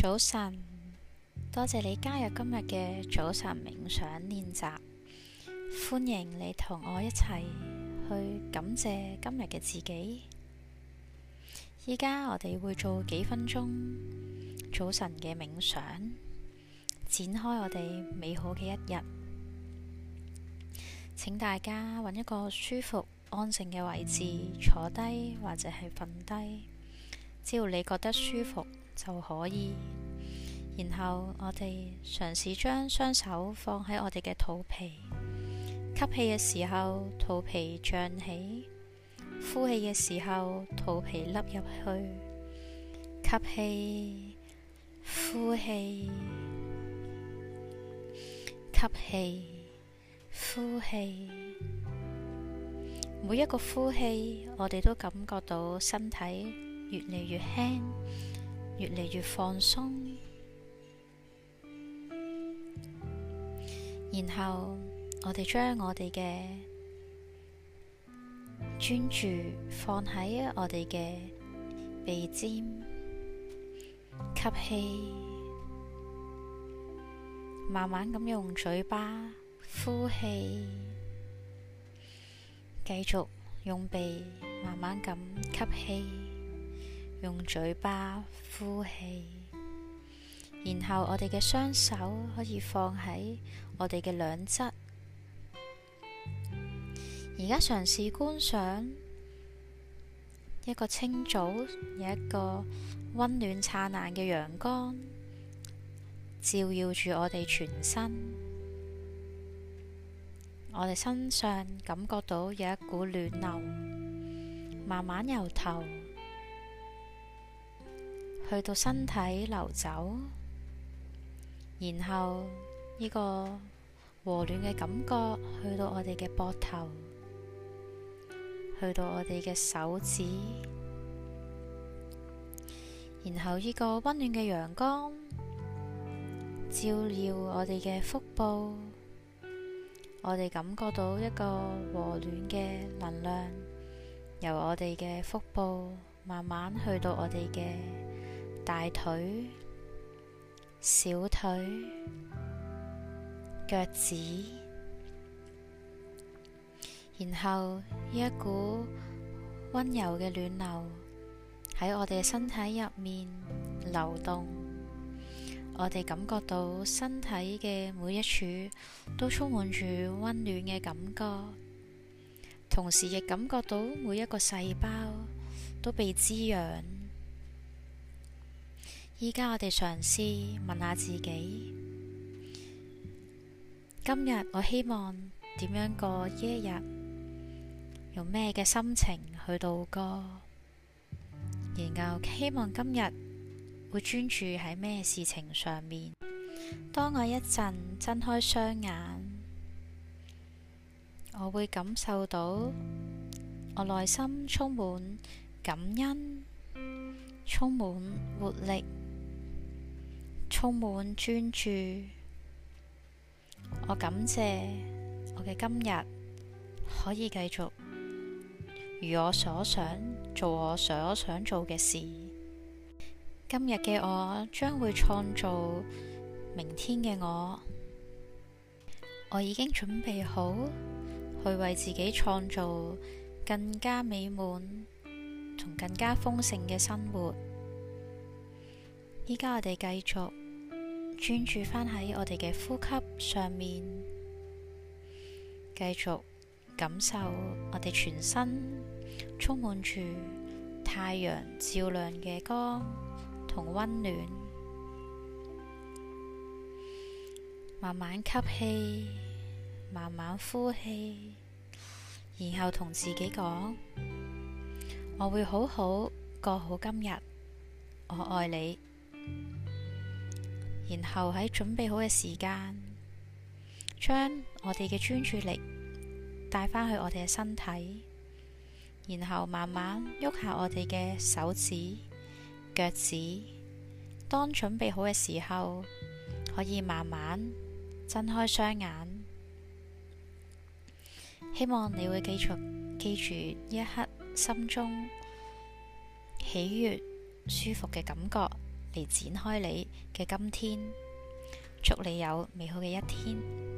早晨，多謝你加入今日嘅早晨冥想練習，歡迎你同我一齊去感謝今日嘅自己。依家我哋會做幾分鐘早晨嘅冥想，展開我哋美好嘅一日。請大家揾一個舒服、安靜嘅位置坐低，或者係瞓低，只要你覺得舒服。就可以，然後我哋嘗試將雙手放喺我哋嘅肚皮，吸氣嘅時候肚皮脹起，呼氣嘅時候肚皮凹入去，吸氣，呼氣，吸氣，呼氣。每一個呼氣，我哋都感覺到身體越嚟越輕。越嚟越放鬆，然後我哋將我哋嘅專注放喺我哋嘅鼻尖，吸氣，慢慢咁用嘴巴呼氣，繼續用鼻慢慢咁吸氣。用嘴巴呼氣，然後我哋嘅雙手可以放喺我哋嘅兩側。而家嘗試觀想一個清早，有一個溫暖燦爛嘅陽光照耀住我哋全身，我哋身上感覺到有一股暖流，慢慢由頭。去到身體流走，然後呢個和暖嘅感覺去到我哋嘅膊頭，去到我哋嘅手指，然後呢個溫暖嘅陽光照耀我哋嘅腹部，我哋感覺到一個和暖嘅能量，由我哋嘅腹部慢慢去到我哋嘅。大腿、小腿、腳趾，然後一股溫柔嘅暖流喺我哋身體入面流動，我哋感覺到身體嘅每一處都充滿住溫暖嘅感覺，同時亦感覺到每一個細胞都被滋養。依家我哋嘗試問下自己：今日我希望點樣過一日？用咩嘅心情去度過？然後希望今日會專注喺咩事情上面？當我一陣睜開雙眼，我會感受到我內心充滿感恩，充滿活力。充滿專注，我感謝我嘅今日可以繼續如我所想，做我所想做嘅事。今日嘅我將會創造明天嘅我。我已經準備好去為自己創造更加美滿同更加豐盛嘅生活。依家我哋繼續。專注翻喺我哋嘅呼吸上面，繼續感受我哋全身充滿住太陽照亮嘅光同溫暖，慢慢吸氣，慢慢呼氣，然後同自己講：我會好好過好今日，我愛你。然後喺準備好嘅時間，將我哋嘅專注力帶返去我哋嘅身體，然後慢慢喐下我哋嘅手指、腳趾。當準備好嘅時候，可以慢慢睜開雙眼。希望你會繼續記住一刻心中喜悅、舒服嘅感覺。嚟展開你嘅今天，祝你有美好嘅一天。